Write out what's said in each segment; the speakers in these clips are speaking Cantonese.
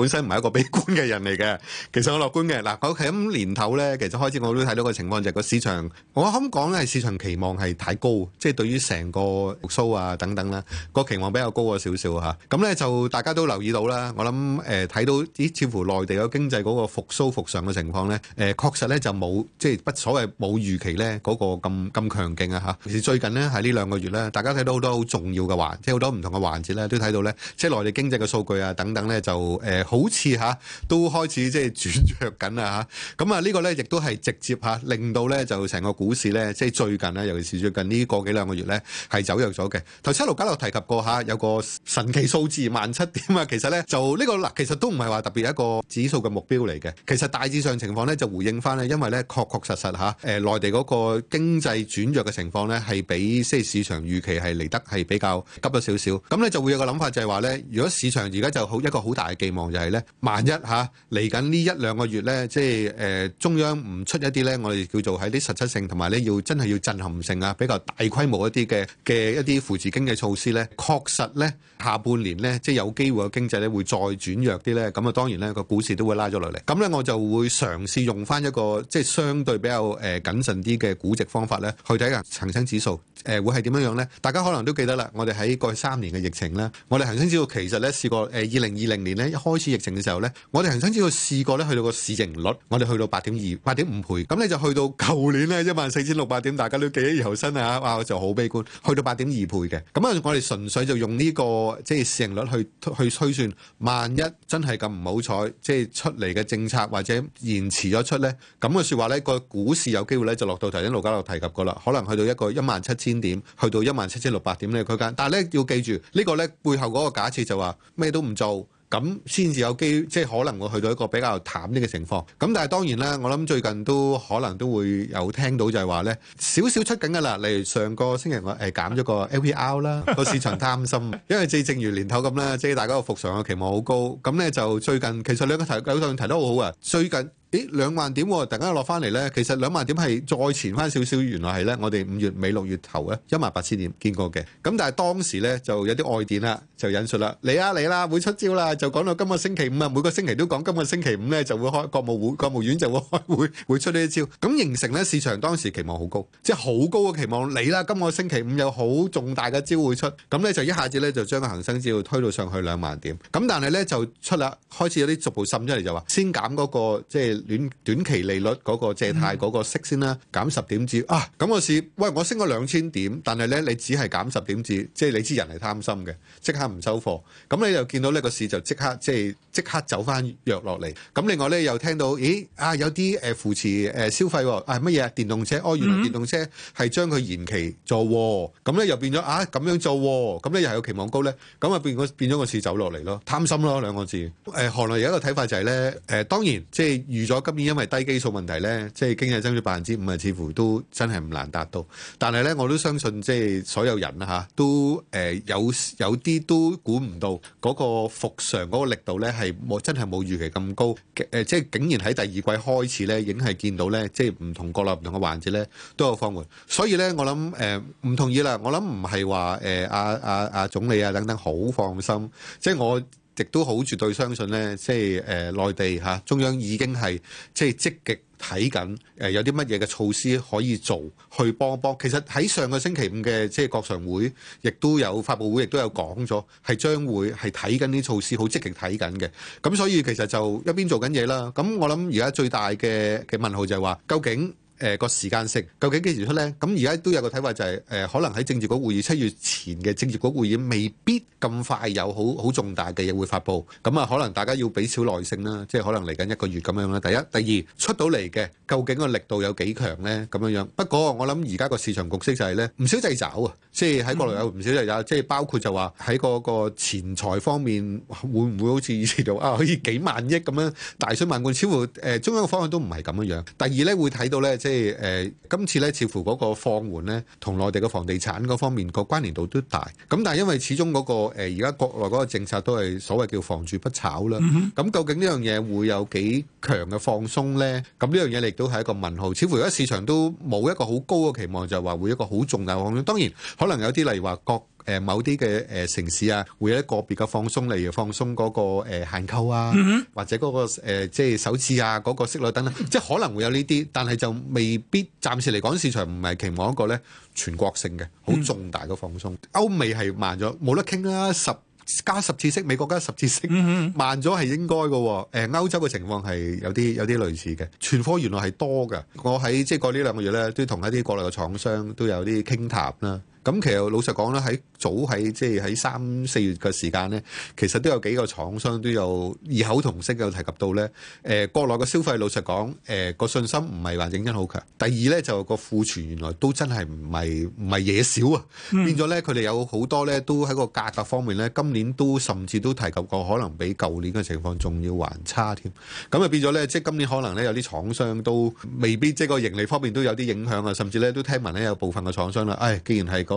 本身唔係一個悲觀嘅人嚟嘅，其實我樂觀嘅。嗱，我喺年頭咧，其實開始我都睇到個情況就係個市場，我肯講咧係市場期望係太高，即係對於成個復甦啊等等啦，個期望比較高咗少少嚇。咁咧就大家都留意到啦，我諗誒睇到咦，似乎內地嘅經濟嗰個復甦復常嘅情況咧，誒確實咧就冇即係不所謂冇預期咧嗰個咁咁強勁啊嚇。其實最近咧喺呢兩個月咧，大家睇到好多好重要嘅環，即係好多唔同嘅環節咧都睇到咧，即係內地經濟嘅數據啊等等咧就誒。好似嚇、啊、都開始即係轉弱緊啦咁啊呢、啊這個呢亦都係直接嚇、啊、令到呢就成個股市呢，即係最近咧，尤其是最近呢個幾兩個月呢，係走弱咗嘅。頭先六九六提及過嚇、啊，有個神奇數字萬七點啊，其實呢，就呢、這個嗱，其實都唔係話特別一個指數嘅目標嚟嘅。其實大致上情況呢，就回應翻咧，因為呢確確實實下誒內地嗰個經濟轉弱嘅情況呢，係比即係市場預期係嚟得係比較急咗少少。咁呢就會有個諗法就係話呢，如果市場而家就好一個好大嘅寄望係咧，萬一嚇嚟緊呢一兩個月咧，即係誒、呃、中央唔出一啲咧，我哋叫做喺啲實質性同埋咧，要真係要震撼性啊，比較大規模一啲嘅嘅一啲扶持經濟措施咧，確實咧下半年咧，即係有機會個經濟咧會再轉弱啲咧，咁啊當然咧個股市都會拉咗落嚟。咁咧我就會嘗試用翻一個即係相對比較誒謹慎啲嘅估值方法咧去睇下恒生指數誒、呃、會係點樣樣咧？大家可能都記得啦，我哋喺過去三年嘅疫情咧，我哋恒生指數其實咧試過誒二零二零年咧一開。次疫情嘅時候呢，我哋恒生指數試過呢，去到個市盈率，我哋去到八點二、八點五倍，咁你就去到舊年呢，一萬四千六百點，大家都記憶猶新啊！哇，我就好悲觀，去到八點二倍嘅。咁啊，我哋純粹就用呢個即係市盈率去去推算，萬一真係咁唔好彩，即係出嚟嘅政策或者延遲咗出呢。咁嘅說話呢，個股市有機會呢，就落到頭先盧家樂提及噶啦，可能去到一個一萬七千點，去到一萬七千六百點呢個區間。但係呢，要記住呢個呢，背後嗰個假設就話咩都唔做。咁先至有機會，即係可能會去到一個比較淡啲嘅情況。咁但係當然啦，我諗最近都可能都會有聽到就係話呢少少出緊噶啦。例如上個星期我誒減咗個 LPR 啦，個市場擔心， 因為正正如年頭咁咧，即係大家個復常嘅期望好高。咁呢，就最近其實兩個,個題有兩題都好好嘅，最近。誒兩萬點喎，突然間落翻嚟咧。其實兩萬點係再前翻少少，原來係咧，我哋五月尾六月頭咧一萬八千點見過嘅。咁但係當時咧就有啲外電啦，就引述啦：，嚟啊嚟啦，會出招啦！就講到今個星期五啊，每個星期都講，今個星期五咧就會開國務會，國務院就會開會，會出呢啲招。咁形成咧市場當時期望好高，即係好高嘅期望。嚟啦，今個星期五有好重大嘅招會出，咁咧就一下子咧就將個恒生指數推到上去兩萬點。咁但係咧就出啦，開始有啲逐步滲出嚟，就話先減嗰個即係。短短期利率嗰個借貸嗰個息先啦，減十點子啊！咁個市喂，我升咗兩千點，但係咧你只係減十點子，即係你知人係貪心嘅，即刻唔收貨。咁你又見到呢個市就即刻即係即刻走翻弱落嚟。咁另外咧又聽到咦啊有啲誒扶持誒消費啊乜嘢電動車哦原來電動車係將佢延期做咁咧又變咗啊咁樣做咁咧又係有期望高咧，咁啊變個變咗個市走落嚟咯，貪心咯兩個字。誒行內有一個睇法就係咧誒當然即係預。咗今年因為低基數問題咧，即係經濟增長百分之五啊，似乎都真係唔難達到。但係咧，我都相信即係所有人啦都有有啲都估唔到嗰個復常嗰個力度咧，係冇真係冇預期咁高，即係竟然喺第二季開始咧，已經係見到咧，即係唔同國內、唔同嘅環節咧都有放緩。所以咧、呃，我諗唔同意啦。我諗唔係話誒阿阿總理啊等等好放心，即係我。亦都好絕對相信咧，即係誒、呃、內地嚇、啊、中央已經係即係積極睇緊誒有啲乜嘢嘅措施可以做去幫幫。其實喺上個星期五嘅即係國常會，亦都有發佈會，亦都有講咗，係將會係睇緊啲措施，好積極睇緊嘅。咁所以其實就一邊做緊嘢啦。咁我諗而家最大嘅嘅問號就係話究竟。誒個時間性究竟幾時出呢？咁而家都有個睇法就係、是呃、可能喺政治局會議七月前嘅政治局會議未必咁快有好好重大嘅嘢會發布。咁啊，可能大家要俾少耐性啦，即係可能嚟緊一個月咁樣啦。第一，第二出到嚟嘅究竟個力度有幾強呢？咁樣樣。不過我諗而家個市場局勢就係呢，唔少掣肘啊，即係喺國內有唔少掣肘，即、就、係、是嗯、包括就話喺嗰個錢財方面會唔會好似意識到啊可以幾萬億咁樣大水漫灌？似乎、呃、中央嘅方向都唔係咁樣樣。第二呢，會睇到呢。即係誒，今次咧似乎嗰個放緩咧，同內地嘅房地產嗰方面個關聯度都大。咁但係因為始終嗰個誒而家國內嗰個政策都係所謂叫房住不炒啦。咁究竟呢樣嘢會有幾強嘅放鬆咧？咁呢樣嘢亦都係一個問號。似乎而家市場都冇一個好高嘅期望，就係話會一個好重大嘅放鬆。當然可能有啲例如話國。誒某啲嘅誒城市啊，會有一個個別嘅放鬆，例如放鬆嗰個誒限購啊，或者嗰個誒即係首置啊，嗰個息率等等，即係可能會有呢啲，但係就未必，暫時嚟講，市場唔係期望一個咧全國性嘅好重大嘅放鬆。歐美係慢咗，冇得傾啦，十加十次息，美國加十次息，慢咗係應該嘅。誒歐洲嘅情況係有啲有啲類似嘅，存貨原來係多㗎。我喺即係過呢兩個月咧，都同一啲國內嘅廠商都有啲傾談啦。咁其實老實講咧，喺早喺即係喺三四月嘅時間咧，其實都有幾個廠商都有異口同聲有提及到咧。誒國內嘅消費老實講，誒個信心唔係話整真好強。第二咧就個庫存原來都真係唔係唔係嘢少啊，變咗咧佢哋有好多咧都喺個價格方面咧，今年都甚至都提及過可能比舊年嘅情況仲要還差添。咁啊變咗咧，即係今年可能咧有啲廠商都未必即係個盈利方面都有啲影響啊，甚至咧都聽聞咧有部分嘅廠商啦，誒既然係。到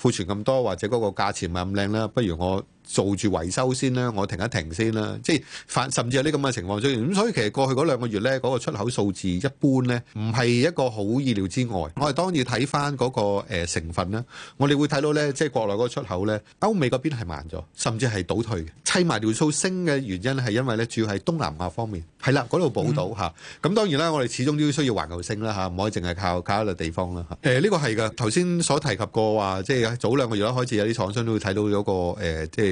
庫存咁多，或者嗰個價錢唔係咁靚啦，不如我。做住維修先啦，我停一停先啦。即係發，甚至有啲咁嘅情況出現。咁所以其實過去嗰兩個月呢，嗰個出口數字一般呢，唔係一個好意料之外。我哋當然睇翻嗰個誒成分啦。我哋會睇到呢，即係國內嗰個出口呢，歐美嗰邊係慢咗，甚至係倒退嘅。砌埋條數升嘅原因係因為呢，主要係東南亞方面係啦，嗰度補到嚇。咁當然啦，我哋始終都需要環球升啦嚇，唔可以淨係靠靠一笪地方啦嚇。誒呢個係㗎，頭先所提及過話，即係早兩個月開始有啲廠商都會睇到咗個誒，即係。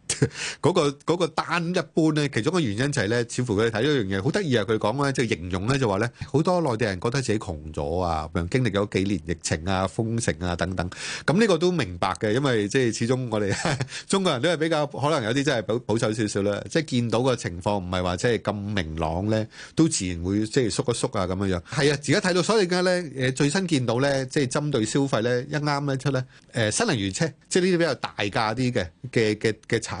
嗰、 嗰個嗰、嗰個、單一般咧，其中個原因就係咧，似乎佢哋睇咗樣嘢好得意啊！佢講咧，即、就、係、是、形容咧，就話咧，好多內地人覺得自己窮咗啊，經歷經歷咗幾年疫情啊、封城啊等等，咁呢個都明白嘅，因為即係始終我哋中國人都係比較可能有啲真係保保守少少啦，即係見到個情況唔係話即係咁明朗咧，都自然會即係縮一縮啊咁樣樣。係啊，而家睇到所以而家咧最新見到咧，即係針對消費咧一啱咧出咧、呃、新能源車，即係呢啲比較大價啲嘅嘅嘅嘅產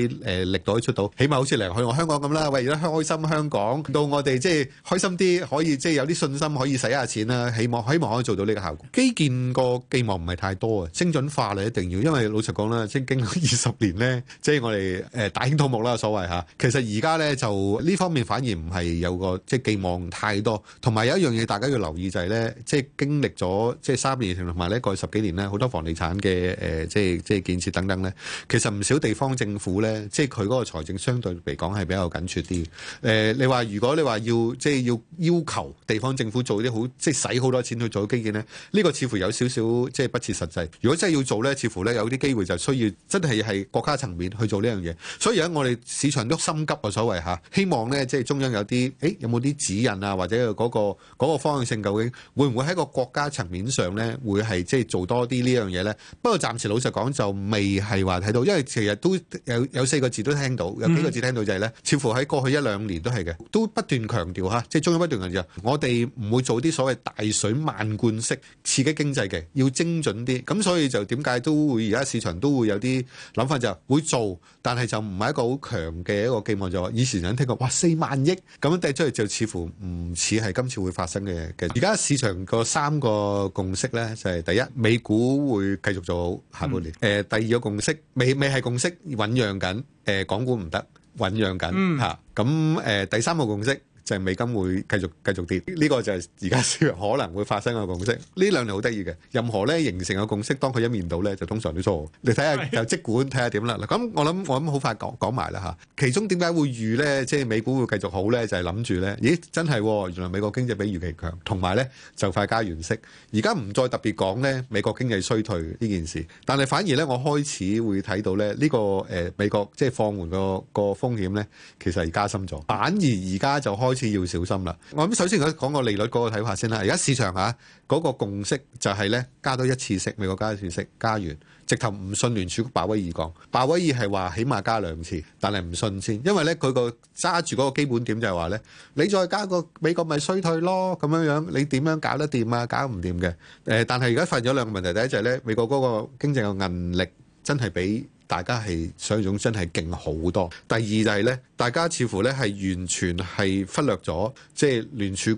啲誒力度都出到，起碼好似嚟嚟去去香港咁啦。喂，而家開心香港，到我哋即係開心啲，可以即係有啲信心，可以使下錢啦。希望希望可以做到呢個效果。基建個寄望唔係太多啊，精準化咧一定要，因為老實講咧，即係經過二十年咧，即係我哋誒大興土木啦，所謂嚇。其實而家咧就呢方面反而唔係有個即係寄望太多，同埋有一樣嘢大家要留意就係咧，即係經歷咗即係三年同埋咧過去十幾年咧，好多房地產嘅誒即係即係建設等等咧，其實唔少地方政府咧。即係佢嗰個財政相對嚟講係比較緊缺啲。誒、呃，你話如果你話要即係要要求地方政府做啲好，即係使好多錢去做基建呢，呢、呢個似乎有少少即係不切實際。如果真係要做呢，似乎呢有啲機會就需要真係係國家層面去做呢樣嘢。所以而家我哋市場都心急啊，所謂吓希望呢，即係中央有啲，誒、哎，有冇啲指引啊，或者嗰、嗰個嗰個方向性究竟會唔會喺個國家層面上呢？會係即係做多啲呢樣嘢呢？不過暫時老實講就未係話睇到，因為其實都有。有四個字都聽到，有幾個字聽到就係咧，似乎喺過去一兩年都係嘅，都不斷強調嚇，即係中央不斷強調，我哋唔會做啲所謂大水漫灌式刺激經濟嘅，要精準啲。咁所以就點解都會而家市場都會有啲諗法，就係會做，但係就唔係一個好強嘅一個寄望。就話以前有人聽過，哇四萬億咁樣掟出去，就似乎唔似係今次會發生嘅嘅。而家市場個三個共識咧，就係第一，美股會繼續做好下半年。誒，第二個共識，未未係共識醖釀。緊誒港股唔得，醞釀緊吓，咁誒、嗯呃、第三個共識。就係美金會繼續繼續跌，呢、這個就係而家可能會發生嘅共識。呢兩樣好得意嘅，任何咧形成嘅共識，當佢一面到咧一面倒，就通常都錯。你睇下，就即管睇下點啦。咁我諗我諗好快講講埋啦嚇。其中點解會預咧，即係美股會繼續好咧，就係諗住咧，咦真係、哦，原來美國經濟比預期強，同埋咧就快加完息。而家唔再特別講咧美國經濟衰退呢件事，但係反而咧我開始會睇到咧、這、呢個誒、呃、美國即係放緩個個風險咧，其實係加深咗。反而而家就開始。啲要小心啦。我諗首先講講個利率嗰個睇法先啦。而家市場嚇嗰個共識就係咧，加多一次息，美國加一次息加完，直頭唔信聯儲局鮑威爾講。鮑威爾係話起碼加兩次，但係唔信先，因為咧佢個揸住嗰個基本點就係話咧，你再加個美國咪衰退咯，咁樣樣，你點樣搞得掂啊？搞唔掂嘅。誒，但係而家發現咗兩個問題，第一就係咧美國嗰個經濟嘅韌力真係比。大家係想像真係勁好多。第二就係呢，大家似乎呢係完全係忽略咗，即係聯儲局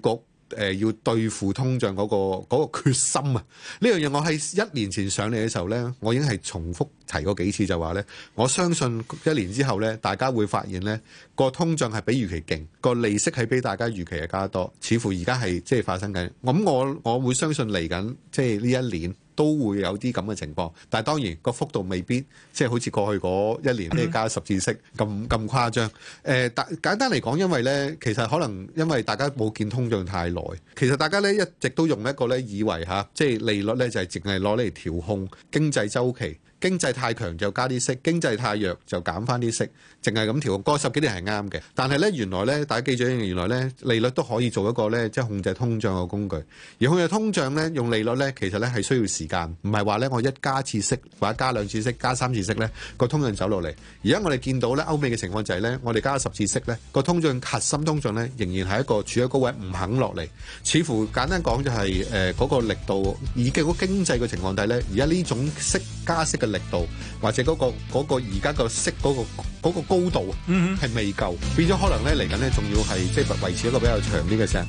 誒要對付通脹嗰個嗰個決心啊！呢樣嘢我喺一年前上嚟嘅時候呢，我已經係重複提過幾次，就話呢，我相信一年之後呢，大家會發現呢個通脹係比預期勁，個利息係比大家預期係加多。似乎而家係即係發生緊。咁我我會相信嚟緊即係呢一年。都會有啲咁嘅情況，但係當然個幅度未必即係好似過去嗰一年呢，嗯、加十字式咁咁誇張。誒，大、呃、簡單嚟講，因為呢，其實可能因為大家冇見通脹太耐，其實大家呢一直都用一個呢以為即係利率呢，就係淨係攞嚟調控經濟周期。經濟太強就加啲息，經濟太弱就減翻啲息，淨係咁調。過十幾年係啱嘅。但係咧，原來咧，大家記住，原來咧，利率都可以做一個咧，即係控制通脹嘅工具。而控制通脹咧，用利率咧，其實咧係需要時間，唔係話咧我一加次息或者加兩次息、加三次息咧，個通脹走落嚟。而家我哋見到咧歐美嘅情況就係咧，我哋加十次息咧，個通脹核心通脹咧仍然係一個處喺高位唔肯落嚟，似乎簡單講就係誒嗰個力度，以及個經濟嘅情況底下咧，而家呢種息加息嘅力度或者嗰、嗰個嗰、嗰個而家、個息，嗰個嗰個高度係未夠，啊，嗯，係未夠變咗可能咧嚟緊咧，仲要係即係維持一個比較長啲嘅聲。